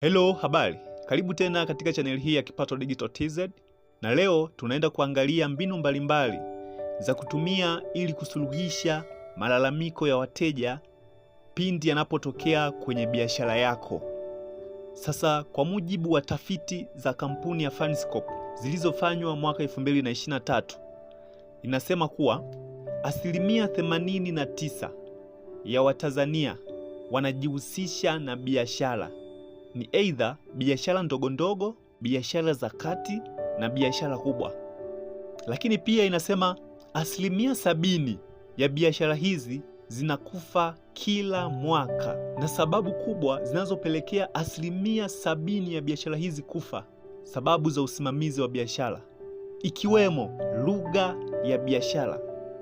Hello, habari. Karibu tena katika chaneli hii ya Kipato Digital TZ, na leo tunaenda kuangalia mbinu mbalimbali za kutumia ili kusuluhisha malalamiko ya wateja pindi yanapotokea kwenye biashara yako. Sasa, kwa mujibu wa tafiti za kampuni ya Fanscope zilizofanywa mwaka 2023 inasema kuwa asilimia 89 ya Watanzania wanajihusisha na biashara ni aidha biashara ndogondogo, biashara za kati na biashara kubwa. Lakini pia inasema asilimia sabini ya biashara hizi zinakufa kila mwaka, na sababu kubwa zinazopelekea asilimia sabini ya biashara hizi kufa, sababu za usimamizi wa biashara, ikiwemo lugha ya biashara.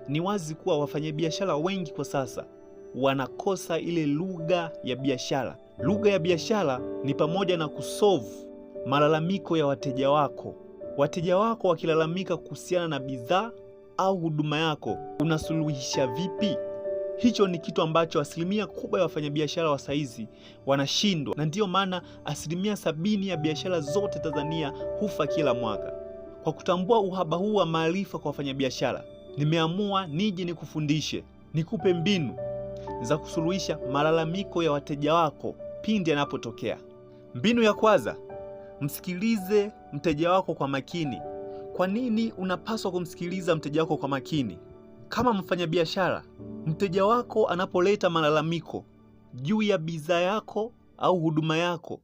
Ni wazi kuwa wafanyabiashara wengi kwa sasa wanakosa ile lugha ya biashara Lugha ya biashara ni pamoja na kusolve malalamiko ya wateja wako. Wateja wako wakilalamika kuhusiana na bidhaa au huduma yako, unasuluhisha vipi? Hicho ni kitu ambacho asilimia kubwa ya wafanyabiashara wa saizi wanashindwa, na ndiyo maana asilimia sabini ya biashara zote Tanzania hufa kila mwaka. Kwa kutambua uhaba huu wa maarifa kwa wafanyabiashara, nimeamua nije nikufundishe, nikupe mbinu za kusuluhisha malalamiko ya wateja wako pindi yanapotokea. Mbinu ya kwanza, msikilize mteja wako kwa makini. Kwa nini unapaswa kumsikiliza mteja wako kwa makini? Kama mfanyabiashara, mteja wako anapoleta malalamiko juu ya bidhaa yako au huduma yako,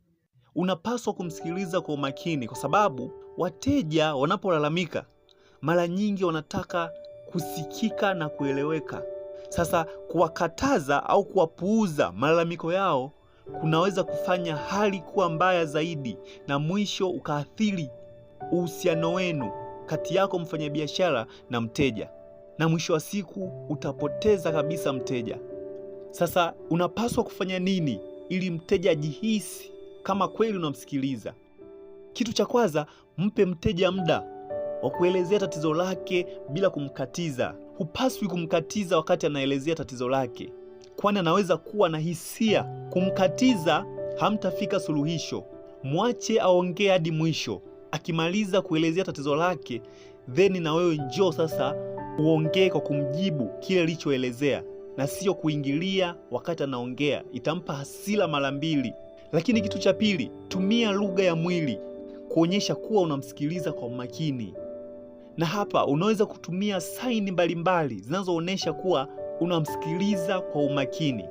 unapaswa kumsikiliza kwa umakini, kwa sababu wateja wanapolalamika mara nyingi wanataka kusikika na kueleweka. Sasa kuwakataza au kuwapuuza malalamiko yao kunaweza kufanya hali kuwa mbaya zaidi na mwisho ukaathiri uhusiano wenu kati yako mfanyabiashara na mteja, na mwisho wa siku utapoteza kabisa mteja. Sasa unapaswa kufanya nini ili mteja ajihisi kama kweli unamsikiliza? Kitu cha kwanza, mpe mteja muda wa kuelezea tatizo lake bila kumkatiza. Hupaswi kumkatiza wakati anaelezea tatizo lake kwani anaweza kuwa na hisia. Kumkatiza hamtafika suluhisho, mwache aongee hadi mwisho. Akimaliza kuelezea tatizo lake, theni na wewe njoo sasa uongee kwa kumjibu kile alichoelezea, na sio kuingilia wakati anaongea. Itampa hasira mara mbili. Lakini kitu cha pili, tumia lugha ya mwili kuonyesha kuwa unamsikiliza kwa makini, na hapa unaweza kutumia saini mbalimbali zinazoonyesha kuwa unamsikiliza kwa umakini.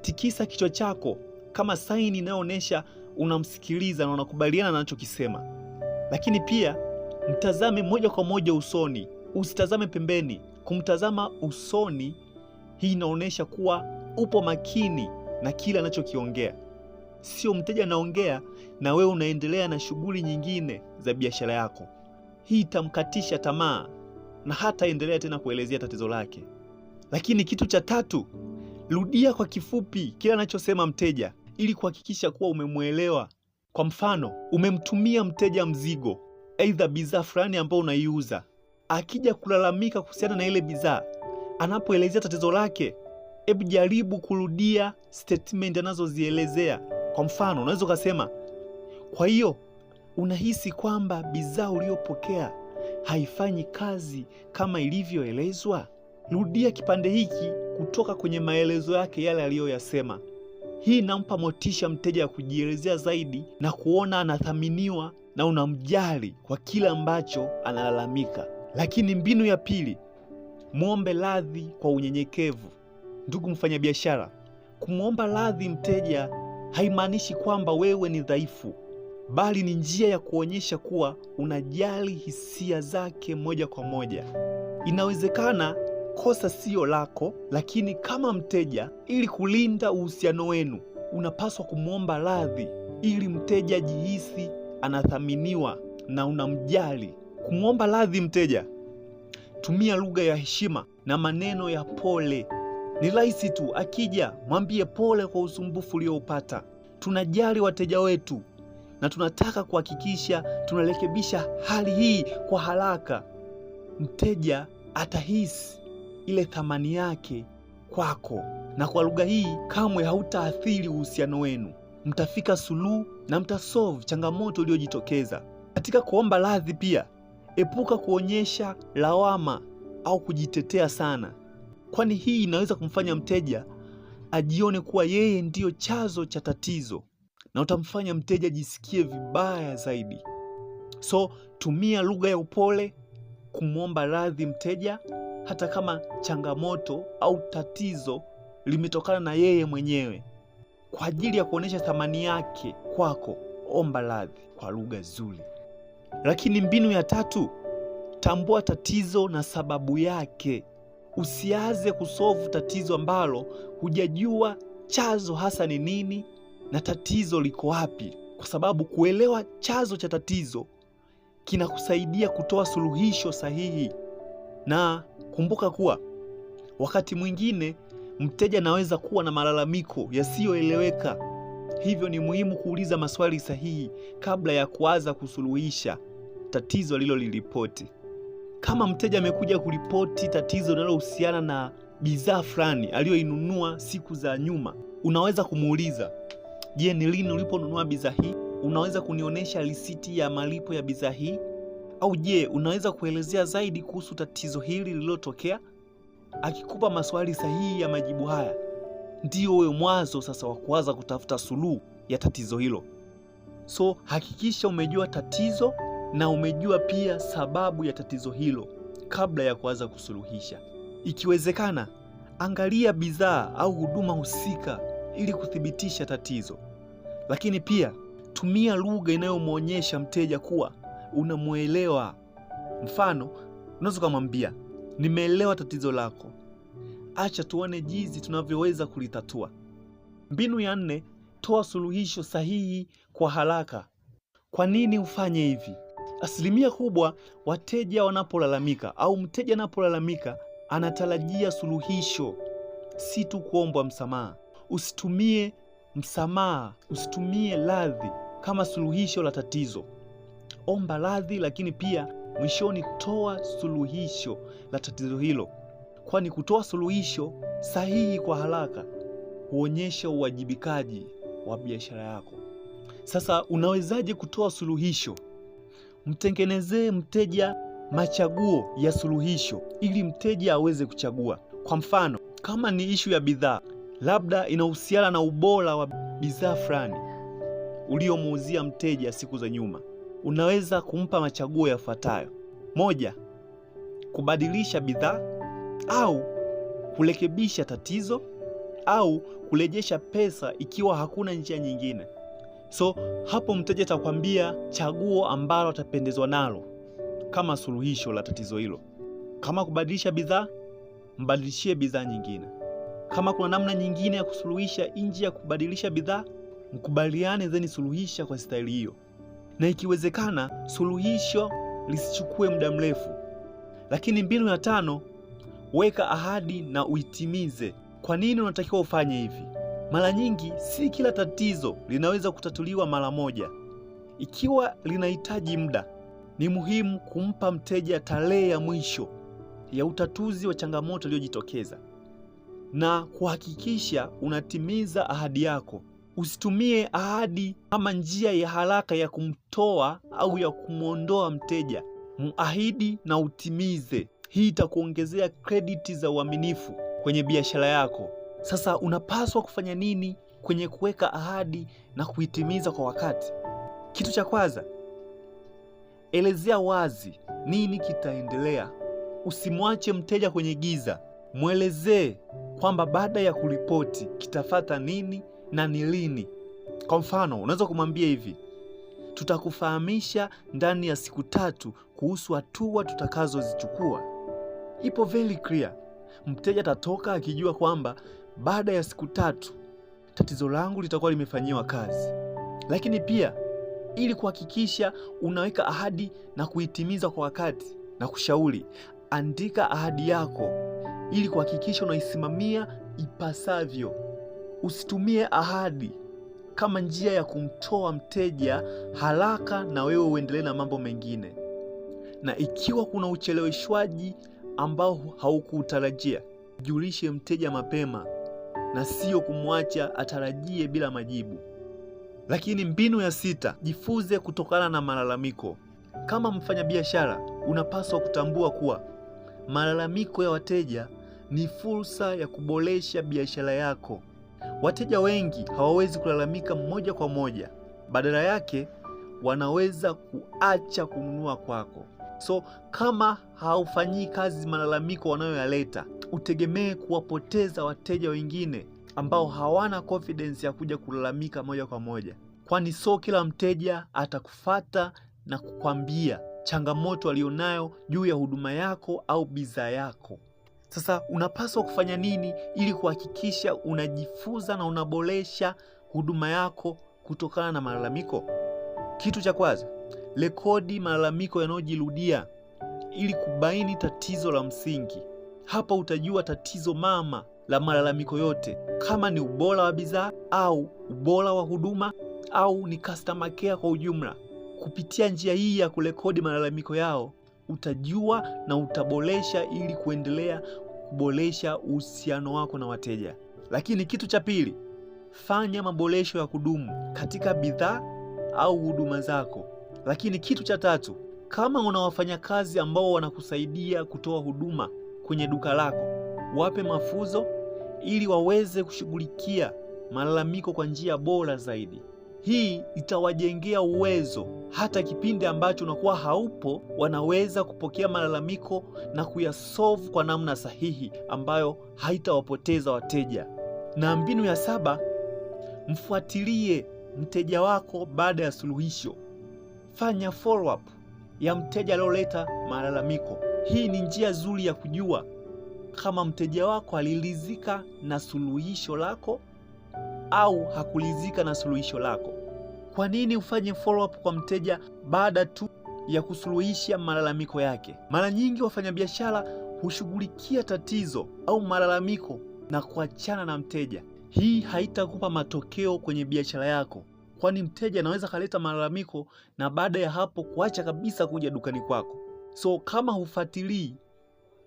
Tikisa kichwa chako kama saini inayoonyesha unamsikiliza na unakubaliana na anachokisema. Lakini pia mtazame moja kwa moja usoni, usitazame pembeni. Kumtazama usoni, hii inaonyesha kuwa upo makini na kile anachokiongea. Sio mteja anaongea na wewe unaendelea na shughuli nyingine za biashara yako. Hii itamkatisha tamaa na hataendelea tena kuelezea tatizo lake. Lakini kitu cha tatu, rudia kwa kifupi kile anachosema mteja ili kuhakikisha kuwa umemwelewa. Kwa mfano, umemtumia mteja mzigo, aidha bidhaa fulani ambayo unaiuza. Akija kulalamika kuhusiana na ile bidhaa, anapoelezea tatizo lake, hebu jaribu kurudia statement anazozielezea. Kwa mfano, unaweza ukasema, kwa hiyo unahisi kwamba bidhaa uliyopokea haifanyi kazi kama ilivyoelezwa? Rudia kipande hiki kutoka kwenye maelezo yake yale aliyoyasema. Hii inampa motisha mteja ya kujielezea zaidi na kuona anathaminiwa na unamjali kwa kile ambacho analalamika. Lakini mbinu ya pili, mwombe radhi kwa unyenyekevu. Ndugu mfanyabiashara, kumwomba radhi mteja haimaanishi kwamba wewe ni dhaifu, bali ni njia ya kuonyesha kuwa unajali hisia zake moja kwa moja. Inawezekana kosa siyo lako, lakini kama mteja, ili kulinda uhusiano wenu, unapaswa kumwomba radhi ili mteja jihisi anathaminiwa na unamjali. Kumwomba radhi mteja, tumia lugha ya heshima na maneno ya pole. Ni rahisi tu, akija mwambie pole kwa usumbufu ulioupata. Tunajali wateja wetu na tunataka kuhakikisha tunarekebisha hali hii kwa haraka. Mteja atahisi ile thamani yake kwako, na kwa lugha hii kamwe hautaathiri uhusiano wenu. Mtafika suluhu na mtasolve changamoto iliyojitokeza. Katika kuomba radhi pia epuka kuonyesha lawama au kujitetea sana, kwani hii inaweza kumfanya mteja ajione kuwa yeye ndiyo chanzo cha tatizo na utamfanya mteja ajisikie vibaya zaidi. So tumia lugha ya upole kumwomba radhi mteja hata kama changamoto au tatizo limetokana na yeye mwenyewe. Kwa ajili ya kuonyesha thamani yake kwako, omba radhi kwa lugha nzuri. Lakini mbinu ya tatu, tambua tatizo na sababu yake. Usianze kusovu tatizo ambalo hujajua chazo hasa ni nini na tatizo liko wapi, kwa sababu kuelewa chazo cha tatizo kinakusaidia kutoa suluhisho sahihi. Na kumbuka kuwa wakati mwingine mteja anaweza kuwa na malalamiko yasiyoeleweka, hivyo ni muhimu kuuliza maswali sahihi kabla ya kuanza kusuluhisha tatizo liloliripoti. Kama mteja amekuja kuripoti tatizo linalohusiana na bidhaa fulani aliyoinunua siku za nyuma, unaweza kumuuliza, je, ni lini uliponunua bidhaa hii? Unaweza kunionyesha risiti ya malipo ya bidhaa hii? Au je, unaweza kuelezea zaidi kuhusu tatizo hili lililotokea? Akikupa maswali sahihi ya majibu haya, ndio wewe mwanzo sasa wa kuanza kutafuta suluhu ya tatizo hilo. So hakikisha umejua tatizo na umejua pia sababu ya tatizo hilo kabla ya kuanza kusuluhisha. Ikiwezekana, angalia bidhaa au huduma husika ili kuthibitisha tatizo, lakini pia tumia lugha inayomwonyesha mteja kuwa unamwelewa. Mfano, unaweza ukamwambia nimeelewa tatizo lako, acha tuone jinsi tunavyoweza kulitatua. Mbinu ya nne, toa suluhisho sahihi kwa haraka. Kwa nini ufanye hivi? Asilimia kubwa wateja wanapolalamika au mteja anapolalamika anatarajia suluhisho, si tu kuombwa msamaha. Usitumie msamaha, usitumie radhi kama suluhisho la tatizo omba radhi, lakini pia mwishoni, toa suluhisho la tatizo hilo, kwani kutoa suluhisho sahihi kwa haraka huonyesha uwajibikaji wa biashara yako. Sasa unawezaje kutoa suluhisho? Mtengenezee mteja machaguo ya suluhisho ili mteja aweze kuchagua. Kwa mfano, kama ni ishu ya bidhaa, labda inahusiana na ubora wa bidhaa fulani uliomuuzia mteja siku za nyuma unaweza kumpa machaguo yafuatayo: moja, kubadilisha bidhaa au kurekebisha tatizo au kurejesha pesa ikiwa hakuna njia nyingine. So hapo mteja atakwambia chaguo ambalo atapendezwa nalo kama suluhisho la tatizo hilo. Kama kubadilisha bidhaa, mbadilishie bidhaa nyingine. Kama kuna namna nyingine ya kusuluhisha nje ya kubadilisha bidhaa, mkubaliane, then suluhisha kwa staili hiyo na ikiwezekana suluhisho lisichukue muda mrefu. Lakini mbinu ya tano, weka ahadi na uitimize. Kwa nini unatakiwa ufanye hivi? Mara nyingi si kila tatizo linaweza kutatuliwa mara moja. Ikiwa linahitaji muda, ni muhimu kumpa mteja tarehe ya mwisho ya utatuzi wa changamoto iliyojitokeza na kuhakikisha unatimiza ahadi yako. Usitumie ahadi kama njia ya haraka ya kumtoa au ya kumwondoa mteja. Muahidi na utimize. Hii itakuongezea krediti za uaminifu kwenye biashara yako. Sasa unapaswa kufanya nini kwenye kuweka ahadi na kuitimiza kwa wakati? Kitu cha kwanza, elezea wazi nini kitaendelea. Usimwache mteja kwenye giza, mwelezee kwamba baada ya kuripoti kitafata nini na ni lini. Kwa mfano, unaweza kumwambia hivi, tutakufahamisha ndani ya siku tatu kuhusu hatua tutakazozichukua. Ipo very clear. Mteja atatoka akijua kwamba baada ya siku tatu tatizo langu litakuwa limefanyiwa kazi. Lakini pia ili kuhakikisha unaweka ahadi na kuitimiza kwa wakati, na kushauri andika ahadi yako ili kuhakikisha unaisimamia ipasavyo. Usitumie ahadi kama njia ya kumtoa mteja haraka na wewe uendelee na mambo mengine. Na ikiwa kuna ucheleweshwaji ambao haukuutarajia, julishe mteja mapema na sio kumwacha atarajie bila majibu. Lakini mbinu ya sita, jifunze kutokana na malalamiko. Kama mfanyabiashara, unapaswa kutambua kuwa malalamiko ya wateja ni fursa ya kuboresha biashara yako. Wateja wengi hawawezi kulalamika moja kwa moja, badala yake wanaweza kuacha kununua kwako. So kama haufanyii kazi malalamiko wanayoyaleta, utegemee kuwapoteza wateja wengine ambao hawana confidence ya kuja kulalamika moja kwa moja, kwani so kila mteja atakufata na kukwambia changamoto aliyonayo juu ya huduma yako au bidhaa yako. Sasa unapaswa kufanya nini ili kuhakikisha unajifunza na unaboresha huduma yako kutokana na malalamiko? Kitu cha kwanza, rekodi malalamiko yanayojirudia ili kubaini tatizo la msingi. Hapa utajua tatizo mama la malalamiko yote, kama ni ubora wa bidhaa au ubora wa huduma au ni customer care kwa ujumla. Kupitia njia hii ya kurekodi malalamiko yao utajua na utaboresha ili kuendelea kuboresha uhusiano wako na wateja. Lakini kitu cha pili, fanya maboresho ya kudumu katika bidhaa au huduma zako. Lakini kitu cha tatu, kama una wafanyakazi ambao wanakusaidia kutoa huduma kwenye duka lako, wape mafunzo ili waweze kushughulikia malalamiko kwa njia bora zaidi. Hii itawajengea uwezo, hata kipindi ambacho unakuwa haupo, wanaweza kupokea malalamiko na kuyasolve kwa namna sahihi ambayo haitawapoteza wateja. Na mbinu ya saba, mfuatilie mteja wako baada ya suluhisho. Fanya follow up ya mteja aliyoleta malalamiko. Hii ni njia nzuri ya kujua kama mteja wako aliridhika na suluhisho lako au hakulizika na suluhisho lako. Kwa nini ufanye follow up kwa mteja baada tu ya kusuluhisha malalamiko yake? Mara nyingi wafanyabiashara hushughulikia tatizo au malalamiko na kuachana na mteja. Hii haitakupa matokeo kwenye biashara yako, kwani mteja anaweza kaleta malalamiko na baada ya hapo kuacha kabisa kuja dukani kwako. So kama hufuatilii,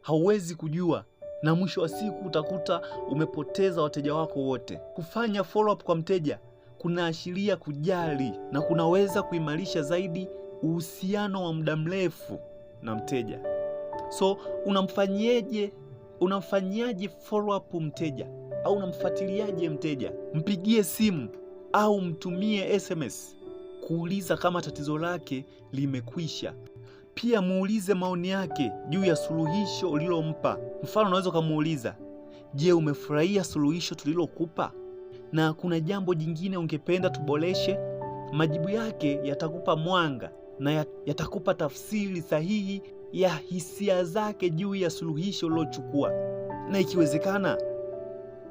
hauwezi kujua na mwisho wa siku utakuta umepoteza wateja wako wote. Kufanya follow up kwa mteja kunaashiria kujali na kunaweza kuimarisha zaidi uhusiano wa muda mrefu na mteja. So unamfanyieje, unamfanyiaje follow up mteja au unamfuatiliaje mteja? Mpigie simu au mtumie SMS kuuliza kama tatizo lake limekwisha. Pia muulize maoni yake juu ya suluhisho ulilompa. Mfano, unaweza ukamuuliza, je, umefurahia suluhisho tulilokupa na kuna jambo jingine ungependa tuboreshe? Majibu yake yatakupa mwanga na yatakupa tafsiri sahihi ya hisia zake juu ya suluhisho ulilochukua, na ikiwezekana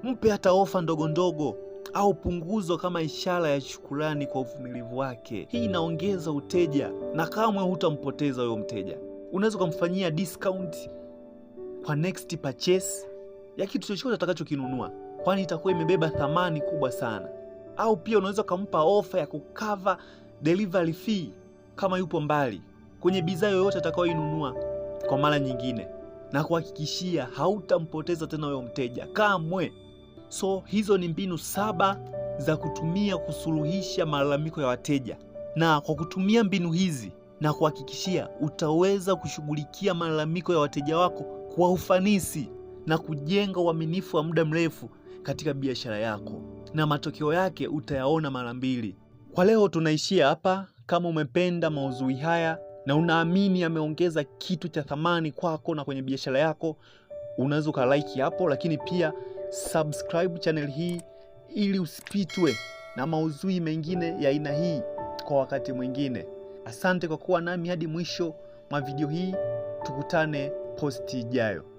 mpe hata ofa ndogo ndogo au punguzo kama ishara ya shukurani kwa uvumilivu wake. Hii inaongeza uteja na kamwe hutampoteza huyo mteja. Unaweza ukamfanyia discount kwa next purchase ya kitu chochote atakachokinunua, kwani itakuwa imebeba thamani kubwa sana. Au pia unaweza ukampa ofa ya kukava delivery fee kama yupo mbali kwenye bidhaa yoyote atakayoinunua kwa mara nyingine, na kuhakikishia hautampoteza tena huyo mteja kamwe. So hizo ni mbinu saba za kutumia kusuluhisha malalamiko ya wateja, na kwa kutumia mbinu hizi na kuhakikishia utaweza kushughulikia malalamiko ya wateja wako kwa ufanisi na kujenga uaminifu wa muda mrefu katika biashara yako, na matokeo yake utayaona mara mbili. Kwa leo tunaishia hapa. Kama umependa maudhui haya na unaamini yameongeza kitu cha thamani kwako na kwenye biashara yako, unaweza ukalaiki hapo, lakini pia subscribe channel hii ili usipitwe na maudhui mengine ya aina hii kwa wakati mwingine. Asante kwa kuwa nami hadi mwisho mwa video hii, tukutane posti ijayo.